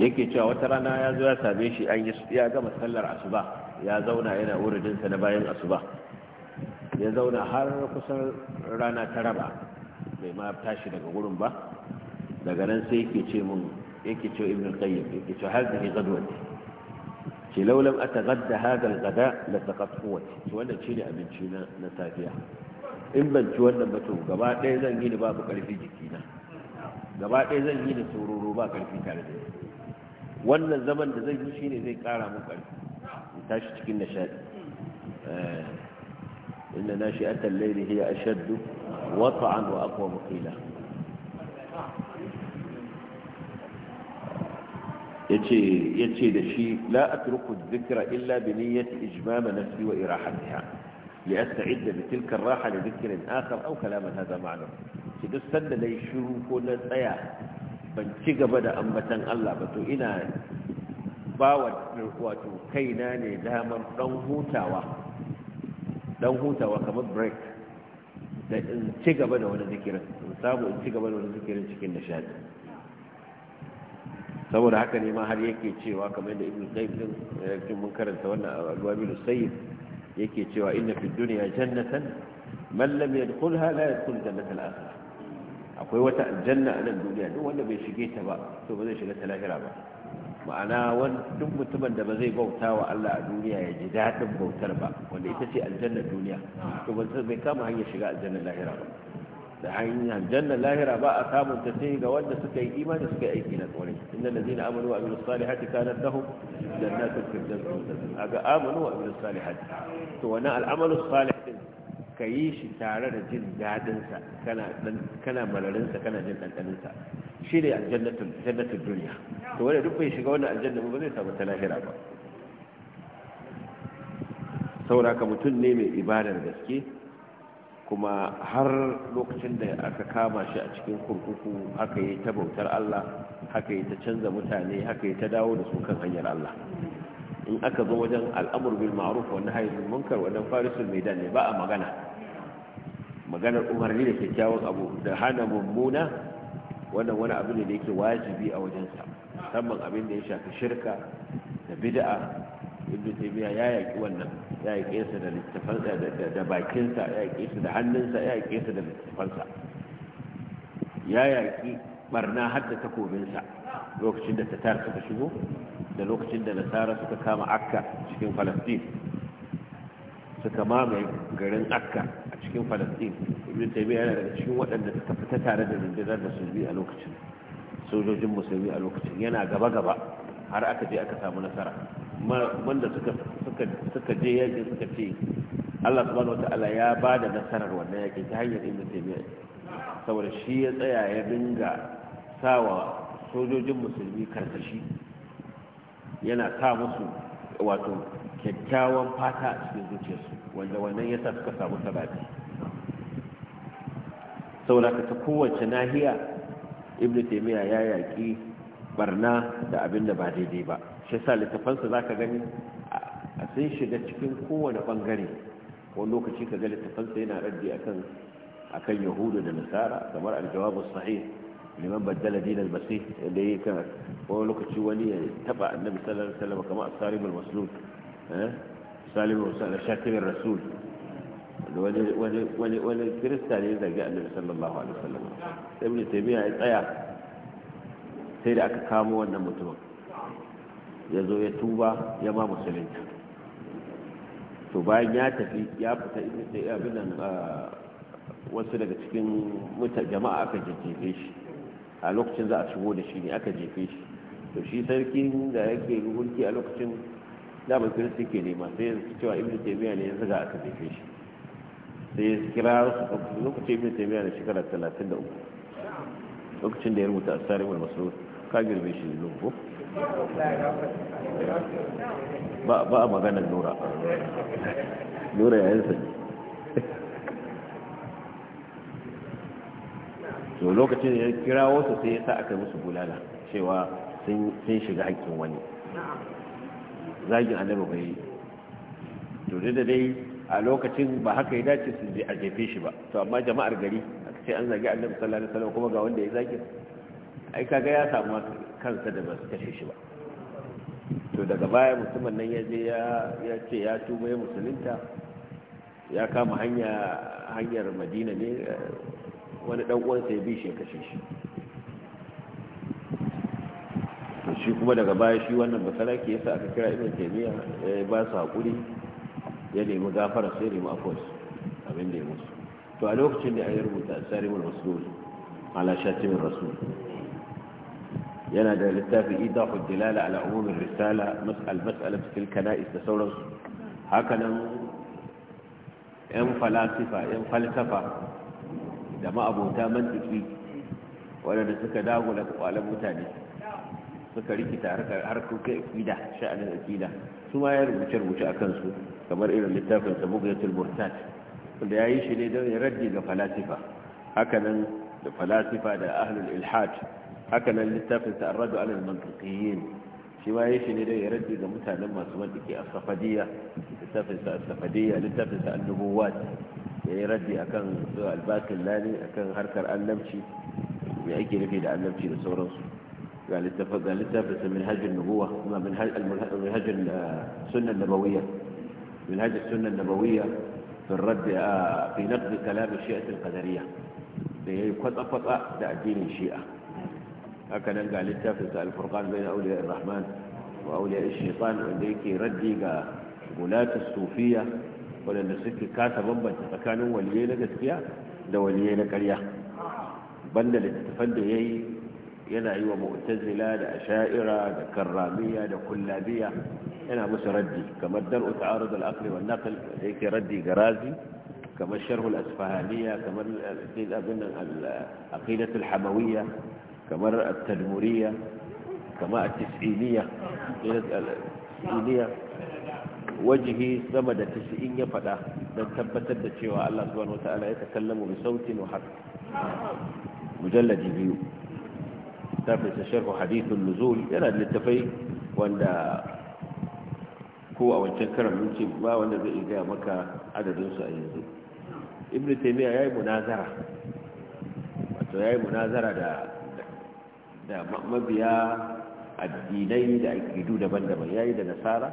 yake cewa wata rana ya zo ya same shi an ya gama sallar asuba ya zauna yana wuridinsa na bayan asuba ya zauna har kusan rana ta raba bai ma tashi daga wurin ba daga nan sai yake ce mun يكتو ابن القيم يكتو هذه غدوتي كي لو لم أتغدى هذا الغداء لتقط قوتي تولى تشيل أبن تشيل نتاجيا إن بن تولى بتو قبعة إذا نجيل اللي إيه في جكينا قبعة إيه إذا نجيل سرور اللي في كالفي وانا الزمن زي مشيني زي كارا مكالف انتاش تكين نشاد آه، إن ناشئة الليل هي أشد وطعا وأقوى مقيلة ce da shi la zikira illa bi niyyati ijmama nafsi wa irahatiha li asta'idda bi tilka ar-raha da zikirin akhar aw da na ma'na shi duk sanda yi shiru ko na tsaya ban ci gaba da ambatan Allah ba to ina ba wato kaina ne damar dan hutawa dan hutawa kamar break da in ci gaba da wani zikirin in samu in ci gaba da wani zikirin cikin nishadi saboda haka ne ma har yake cewa kamar da ibn qayyim din yakin eh, mun karanta wannan a alwabil sayyid yake cewa inna fid dunya jannatan man lam yadkhulha la yadkhul jannata al-akhirah akwai wata aljanna a nan duniya duk wanda bai shige ta ba to ba zai shiga ta lahira ba ma'ana wani duk mutumin da ba zai bauta wa Allah a duniya ya ji daɗin bautar ba wanda ita ce aljannar duniya to ba zai kama hanyar shiga aljannar lahira ba da hanyar janna lahira ba a samun ta sai ga wanda suka yi imani suka yi aiki na kwarai inda da zina amanu wa amilu salihati kanar dahu jannatul firdaus a ga amanu wa amilu salihati to wani al'amalu salihin ka yi shi tare da jin dadinsa kana kana malarinsa kana jin ɗanɗaninsa, shi ne aljannatul jannatul duniya to wanda duk bai shiga wannan aljanna ba zai samu ta lahira ba Saura ka mutum ne mai ibadar gaske kuma har lokacin da aka kama shi a cikin kurkuku haka yi ta bautar Allah haka yi ta canza mutane haka yi ta dawo da su kan hanyar Allah in aka zo wajen al'amur bil ma'ruf wani nahy munkar wannan farisul maidan ne ba a magana maganar umarni da kyakkyawan abu da hana mummuna wannan wani abu ne da yake wajibi a wajen sa musamman abin da ya shafi shirka da bid'a ibn taymiya ya yaki wannan ya yaƙi su da littafansa da bakinsa ya yaƙi su da hannunsa ya yaƙi su da littafansa ya yaki barna har da takobinsa lokacin da tatar suka shigo da lokacin da nasara suka kama akka cikin falastin suka mamaye garin akka a cikin falastin ibn taymiya yana daga cikin waɗanda suka fita tare da rundunar bi a lokacin sojojin musulmi a lokacin yana gaba-gaba har aka je aka samu nasara wanda suka je yankin suka ce Allah subhanahu wata'ala ya ba da nasarar wannan yakin ta hanyar ibn taymiyyah saboda shi ya tsaya ya dinga sawa sojojin musulmi karkashi yana sa musu wato kyakkyawan fata a cikin zuciyarsu wanda wannan ya sa suka samu sabati saboda ta kowace nahiya ibn taimiyya ya yaƙi barna da abin da ba daidai ba shi sa littafansa za ka gani a sun shiga cikin kowane bangare wani lokaci ka ga littafansa yana raddi akan akan yahudu da nasara kamar aljawabu sahih liman baddala dinal masih da yake kan wani lokaci wani ya taba annabi sallallahu alaihi wasallam kamar as-salim al-maslul eh salim al-maslul shatim ar-rasul wani wani wani wani kirista ne daga annabi sallallahu alaihi wasallam ibn taymiya ya tsaya sai da aka kamo wannan mutumin ya zo ya tuba ya ba musulunci to bayan ya tafi ya fita ibn abin nan wasu daga cikin mutar jama'a aka jefe shi a lokacin za a shigo da shi ne aka jefe shi to shi sarkin da yake mulki a lokacin damar kiristi ke nema sai ya cewa ibn taymiya ne yanzu ga aka jefe shi sai ya kira su lokacin ibn taymiya na shekara 33 lokacin da ya rubuta a tsarin wani masu kagirbe shi ne lokacin. ba a maganar nura nura yin sani to lokacin ya kira wasu sai ya sa aka musu bulala cewa sun shiga haƙƙin wani zagin annabi bai yi to da dai a lokacin ba haka ya dace su je a jefe shi ba to amma jama'ar gari sai ce an zagi annabi sallallahu alaihi wasallam kuma ga wanda ya zagi ai kaga ya samu kansa da ba su kashe shi ba to daga baya mutumin nan ya je ya ce ya tuba ya musulunta ya kama hanyar madina ne wani dan uwansa ya bi shi ya kashe shi shi kuma daga baya shi wannan ke yasa aka kira ibn taymiya ya ba su hakuri ya nemi gafara sai nemi afwas abin da ya musu to a lokacin da ya rubuta asarimul masdud ala shatimin rasul ينادى للتابعي إيه ضعف الدلالة على أمور الرسالة مسأل مسألة في الكنائس تسولغ هكذا ينفى لاسفة ينفى لسفة إذا ما أبو تامن تكي ولا نسك داغو لك وعلى متاني سكري كتارك أركو كإفيدة شأن الأكيدة ثم يرى مجر مجر أكنسو كما رأينا للتابع سبقية المرتاد فلا يعيش لدو يردد فلاسفة هكذا فلاسفة أهل الإلحاد haka nan littafin sa arradu alal mantiqiyin shi ma yake ne dai raddi ga mutanen masu mantiki a safadiyya littafin sa safadiyya littafin sa an-nubuwat ya yi raddi akan su albakin lani akan harkar annabci ya ake nufi da annabci da sauransu ga littafin ga littafin sa min hajjin nubuwa kuma min hajjin sunnan nabawiyya min hajjin sunnan nabawiyya في الرد في نقد كلام الشيعة القدرية لكي قد أفضأ تأدين الشيعة هكذا قال التافت الفرقان بين أولياء الرحمن وأولياء الشيطان وإليك ردي قولاة الصوفية ولأن سكي كاسة بمبت فكانوا وليين قسكيا دا وليين قليا بند الاتفند هي ينا أيوة مؤتزلة دا أشائرة دا كرامية دا كلابية أنا بس ردي كما الدرء تعارض الأقل والنقل إليك ردي قرازي كما الشره الأسفهانية كما الأقيلة الحموية kamar at-tadmuriyya kama at-tis'iniyya wajihi sama da 90 ya fada don tabbatar da cewa Allah subhanahu wata'ala ya takallamu bi sautin wa harf mujalladi biyu tafsir sharh hadithun nuzul yana da littafai wanda ko a wancan karan mun ba wanda zai iya maka adadin su a yanzu Ibn taymiya yayi munazara wato yayi munazara da da mabiya addinai da aikidu daban-daban yayi da nasara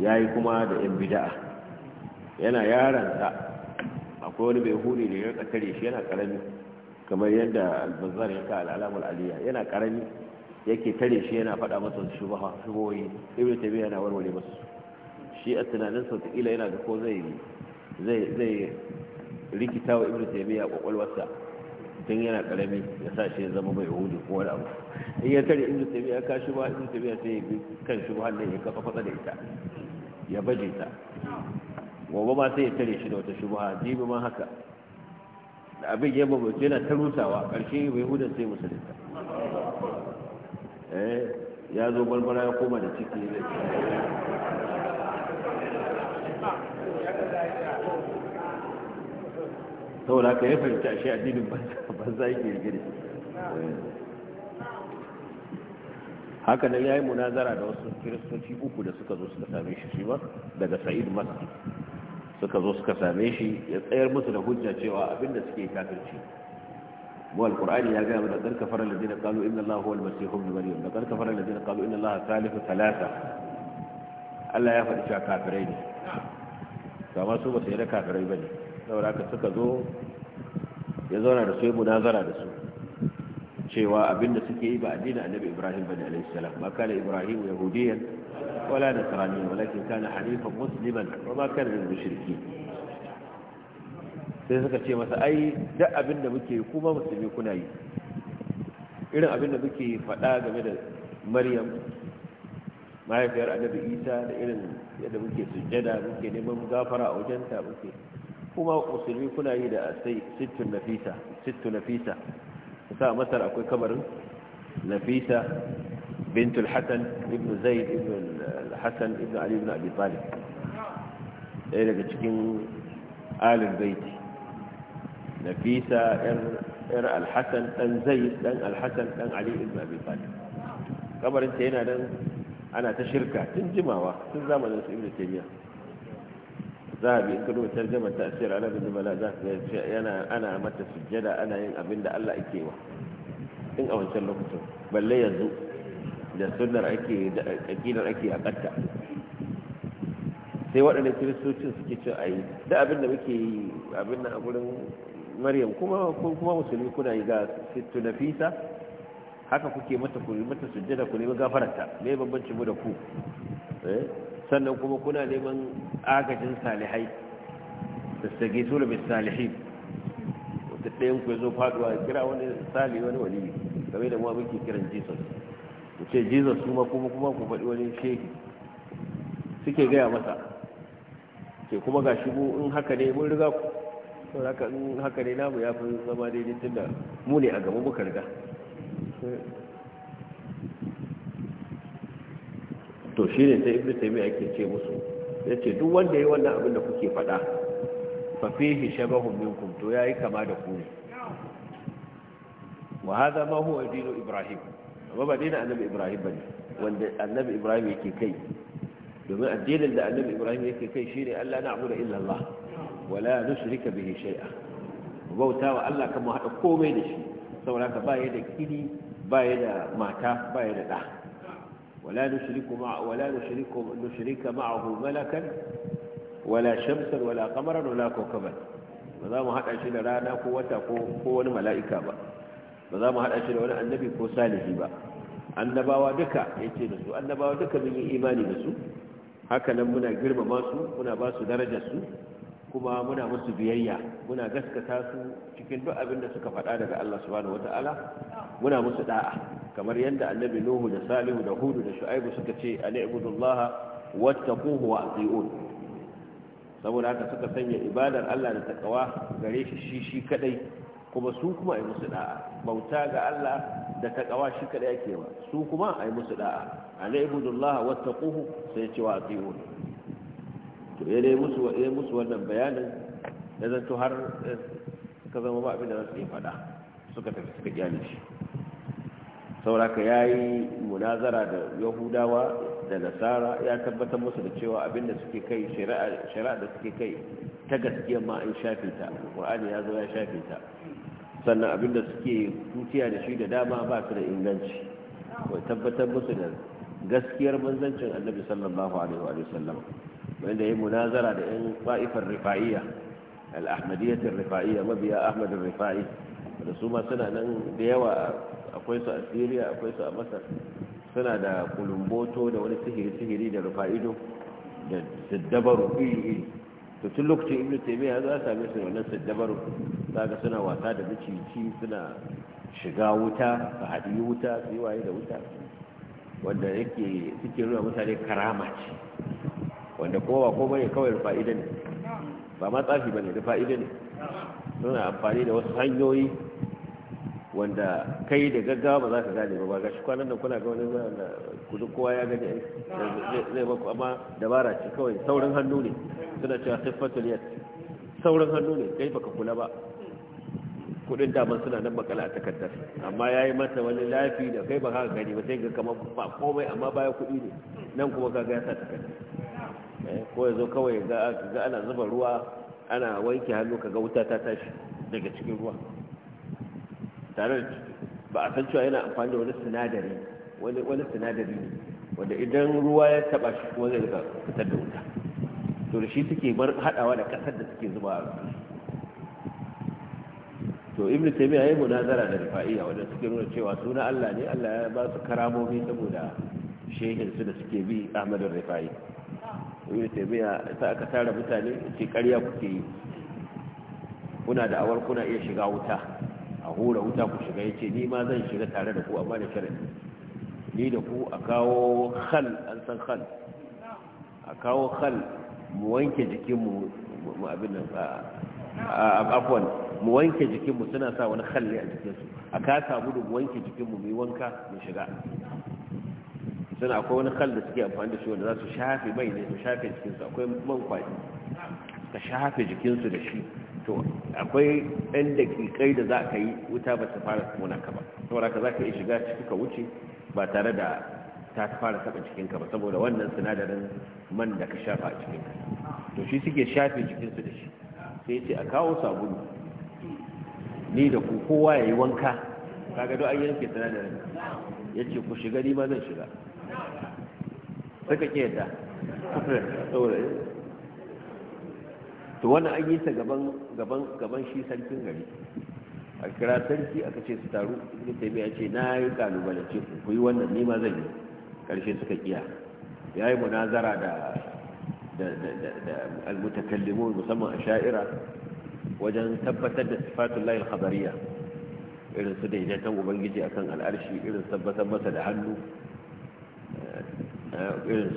yayi kuma da yan bid'a yana yaransa akwai wani mai huni da ya kakare shi yana karami kamar yadda albazar ya ka al'alamul aliyya yana karami yake tare shi yana fada masa su shubaha ibi ta biya yana warware masu shi a tunanin ila yana da ko zai rikita wa ibi ta a kwakwalwarsa tun yana karami ya sa shi ya zama bai hudu ko wani abu in ya tare inda tabi ya kashi ba tabi ya sai ya bi kan shi ba ya kafa fada da ita ya baje ta gobe ma sai ya tare shi da wata ba jibi ma haka da abin ya babace yana ta rusawa karshe bai hudan sai musulunta eh, ya zo barbara ya koma da ciki saboda haka ya fahimci shi addinin banza yake rigiri haka nan yi munazara da wasu kiristoci uku da suka zo suka same shi shi ba daga sa'id masjid suka zo suka same shi ya tsayar musu da hujja cewa abinda suke kafirci mu alqur'ani ya gaya da dan kafara alladheena qalu inna allaha huwa al-masih ibn maryam da dan kafara alladheena qalu inna allaha thalithu talata Allah ya faɗi cewa kafirai ne kamar amma su ba su yi da kafirai bane saboda haka suka zo ya zauna da su ya munazara da su cewa abinda suke yi ba addinin annabi ibrahim bane alayhi salam ma kana ibrahim yahudiyan wala nasraniyan walakin kana hanifan musliman wa ma kana min mushriki sai suka ce masa ai duk abinda muke yi kuma musulmi kuna yi irin abinda muke faɗa game da maryam mahaifiyar annabi isa da irin yadda muke sujjada muke neman gafara a wajenta muke kuma musulmi kuna yi da sai sittu nafisa sittu nafisa sa masar akwai kabarin nafisa bintul hasan ibn zaid ibn hasan ibn ali ibn abi talib ɗaya daga cikin alin baiti nafisa yar alhassan dan zaid dan alhassan dan ali ibn abi talib kabarin ta yana nan ana ta shirka tun jimawa tun zamanin su ibn taymiyyah za a bi in ka duba tarjama ta asir ala bin bala za ka ce yana ana mata sujjada ana yin abin da Allah ake wa in a wancan lokacin balle yanzu da sunnar ake da aqidar ake a katta sai waɗannan kiristocin suke ce a da abin da muke yi abin nan a gurin maryam kuma kuma musulmi kuna yi ga sittu fisa haka kuke mata ku mata sujjada ku nemi gafararta me bambanci mu da ku eh sannan kuma kuna neman agajin salihai da sage sura bis salihin wata ɗayan ku ya zo faduwa kira wani sali wani wani game da mu muke kiran jesus ku ce jesus kuma kuma kuma ku faɗi wani shehi suke gaya masa ke kuma ga shi in haka ne mun riga ku sau haka in haka ne namu ya fi zama daidai tun da mu ne a gaba muka riga to shi ne sai ibnu taymiya yake ce musu yace duk wanda ya wannan abin da kuke faɗa fa fihi shabahun minkum to yi kama da ku ne wa haza ma huwa dinu ibrahim amma ba dinin annabi ibrahim ne wanda annabi ibrahim yake kai domin addinin da annabi ibrahim yake kai ne Allah na'budu illa Allah wala nushrika bihi shay'a bauta wa Allah ka mu hada komai da shi saboda ka baya da kiri baya da mata baya da ɗa. ولا نشرك مع ولا نشرك نشرك معه ملكا ولا شمسا ولا قمرا ولا كوكبا ba za mu haɗa shi da rana ko wata ko wani mala'ika ba ba za mu haɗa shi da wani annabi ko salihi ba annabawa duka ya ce da su annabawa duka mun yi imani da su haka nan muna girmama su muna ba su darajar su kuma muna musu biyayya muna gaskata su cikin duk abin da suka faɗa daga Allah subhanahu wata'ala muna musu da'a kamar yadda annabi Nuhu da Salihu da Hudu da Shu'aibu suka ce al'ibudullaha wattaquhu wa ati'un saboda haka suka sanya ibadar Allah da takawa gare shi shi shi kadai kuma su kuma ai musu da'a bauta ga Allah da takawa shi kadai ake wa su kuma ai musu da'a al'ibudullaha wattaquhu sai ce wa ati'un to yayin musu musu wannan bayanin da zanto har eh, suka zama ba abin da za faɗa suka tafi suka gyale shi sauraka ya yi munazara da yahudawa da nasara ya tabbatar musu da cewa abin da suke kai shari'a da suke kai ta gaskiya ma an shafe ta ƙwa'ani ya zo ya shafe ta sannan abin da suke kutiya da shi da dama ba su da inganci wai tabbatar musu da gaskiyar manzancin annabi sallallahu alaihi wa sallam wanda ya munazara da yan fa'ifar rifa'iyya al-ahmadiyyah ar-rifa'iyya mabiya ahmad ar-rifa'i da su ma suna nan da yawa akwai su a syria akwai su a masar suna da kulumboto da wani sihiri-sihiri da rufa'ido da siddabaru iri-iri tun lokacin ibn taimiyya za a same su wannan siddabaru za ga suna wasa da macici suna shiga wuta a haɗi wuta su yi waye da wuta wanda yake suke nuna mutane karama ce wanda kowa ko bane kawai rufa'ida ne ba ma tsafi ba ne da fa'ida ne suna amfani da wasu hanyoyi wanda kai da gaggawa ba za ka gane ba ga shi kwanan da kuna ga wani kudu kowa ya gani zai baku amma dabara ce kawai saurin hannu ne suna cewa sai saurin hannu ne kai baka kula ba kudin daman suna nan makala a takardar amma ya yi mata wani lafi da kai ba ka gani ba sai ga kamar ba komai amma baya kudi ne nan kuma ka ga ya sa takardar Eh, ko ya zo kawai ga ana zuba ruwa ana wanke hannu kaga wuta ta tashi daga cikin ruwa tare da ba a san cewa yana amfani da wani sinadari wani sinadari ne wanda idan ruwa ya taba shi kuma zai ga fitar da wuta to da shi suke bar hadawa da kasar da suke zuba a ruwa to ibnu taymiya yayi munazara da rifa'iyya wanda suke nuna cewa suna Allah ne Allah ya ba su karamomi saboda shehin su da suke bi Ahmadu Rifai ibn taymiya sai aka tara mutane ce ƙarya kuke yi kuna da awar kuna iya shiga wuta a hura wuta ku shiga yace ni ma zan shiga tare da ku amma da sharadi ni da ku a kawo khal an san khal a kawo khal mu wanke jikinmu mu abin nan afwan mu wanke jikinmu suna sa wani khalli a jikinsu a ka samu da mu wanke jikinmu mu yi wanka mu shiga sannan akwai wani kal da suke amfani da shi wanda za su shafe mai ne su shafe jikinsu akwai man kwaɗi ka shafe jikinsu da shi to akwai ɗan daƙiƙai da za ka yi wuta ba ta fara tsamuna ka ba saboda ka za ka iya shiga ciki ka wuce ba tare da ta fara taɓa jikinka ba saboda wannan sinadarin man da ka shafa a jikinka to shi suke shafe jikinsu da shi sai ce a kawo sabulu ni da ku kowa ya yi wanka kaga duk an yanke sinadarin ya ce ku shiga ni ma zan shiga suka ke yadda to wani an yi ta gaban shi sarkin gari a kira sarki aka ce su taru ibn biya ce na yi kalubale ce ku yi wannan nima zan yi karshe suka kiya ya yi munazara da almutakallimun musamman a sha'ira wajen tabbatar da sifatun layin habariya. irin su daidaiton ubangiji akan al'arshi irin tabbatar masa da hannu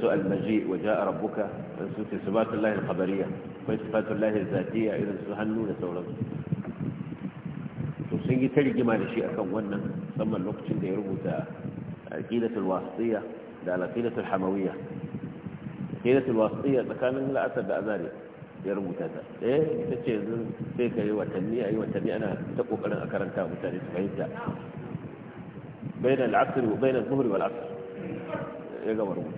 سؤال المجيء وجاء ربك في صفات الله الخبرية وفي صفات الله الذاتية إذا سهلوا لسول الله سنجي تلي جمع لشيء أكونا ثم الوقت اللي يربط كيلة الواسطية على كيلة الحموية كيلة الواسطية كان لا أثر بأذاري يربط هذا إيه تشي تيك أيوة تنمية أيوة تنمية أنا تقوك أنا أكرمتها بين العصر وبين الظهر والعصر sai gama rubutu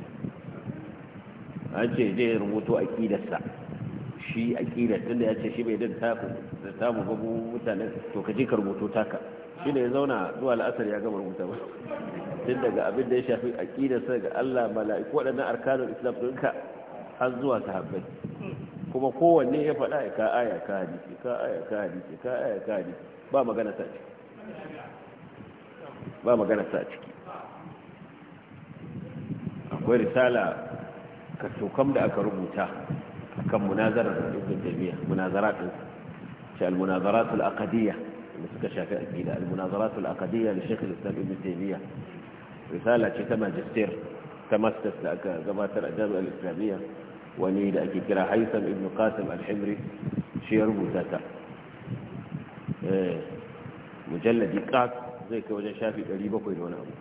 an ce je rubutu a aqidarsa shi aqidar tunda ya ce shi bai din taku da samu babu mutane to ka je ka rubuto taka shi ne ya zauna zuwa la'asar ya gama rubuta ba tun daga abin da ya shafi a aqidarsa ga Allah mala'iku waɗannan arkanul islam ɗinka har zuwa sahabbai kuma kowanne ya faɗa ya ka aya ka hadisi ka aya ka hadisi ka aya ka hadisi ba magana sa ciki ba magana sa ciki akwai risala ka tokam da aka rubuta kan munazarar ibn taymiya munazarat ce al-munazarat al-aqdiyya da suka shafi aqida al-munazarat al-aqdiyya li shaykh al-islam ibn taymiya risala ce ta magister ta master da aka gabatar a jami'ar islamiyya wani da ake kira haitham ibn qasim al-himri shi ya rubuta ta mujalladi qas zai kai wajen shafi 700 da wani abu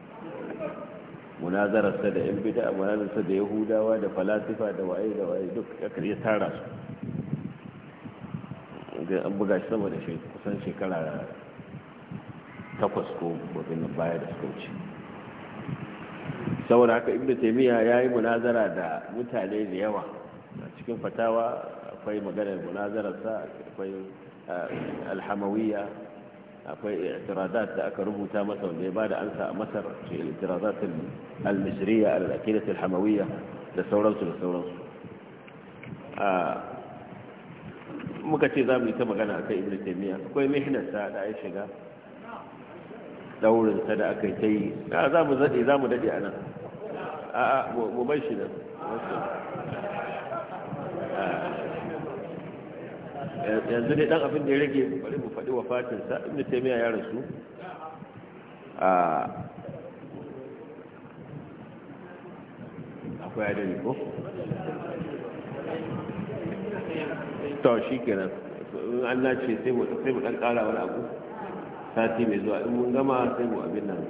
munazararsa da yan bida munazararsa da yahudawa da falasifa da waye da waye duk ya tara su ga an buga shi saboda kusan shekara takwas ko gobin baya da suka wuce saboda haka ibnu taymiya yayi munazara da mutane da yawa a cikin fatawa akwai maganar munazararsa akwai eh, alhamawiyya akwai itirazat da aka rubuta masa wanda ya bada ansa a Masar ce itirazat al-misriya al-aqidah al-hamawiyya da sauransu da sauransu a muka ce za mu yi ta magana akan Ibn taymiya akwai mihnarsa da ai shiga daurin ta da aka yi ta yi za mu zade za mu dade nan. a mu bai shi da yanzu ne dan abin da ya rage bari mu faɗi wafatinsa ibnu taymiya ya rasu a akwai adani ko to shi kenan in an nace sai mu sai mu dan ƙara wani abu sati mai zuwa in mun gama sai mu abin nan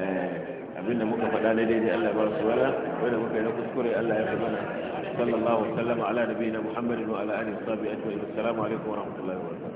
eh abin da muka faɗa ne daidai Allah ya ba su wala wanda muka yi na kuskure Allah ya fi mana صلى الله وسلم على نبينا محمد وعلى اله وصحبه اجمعين السلام عليكم ورحمه الله وبركاته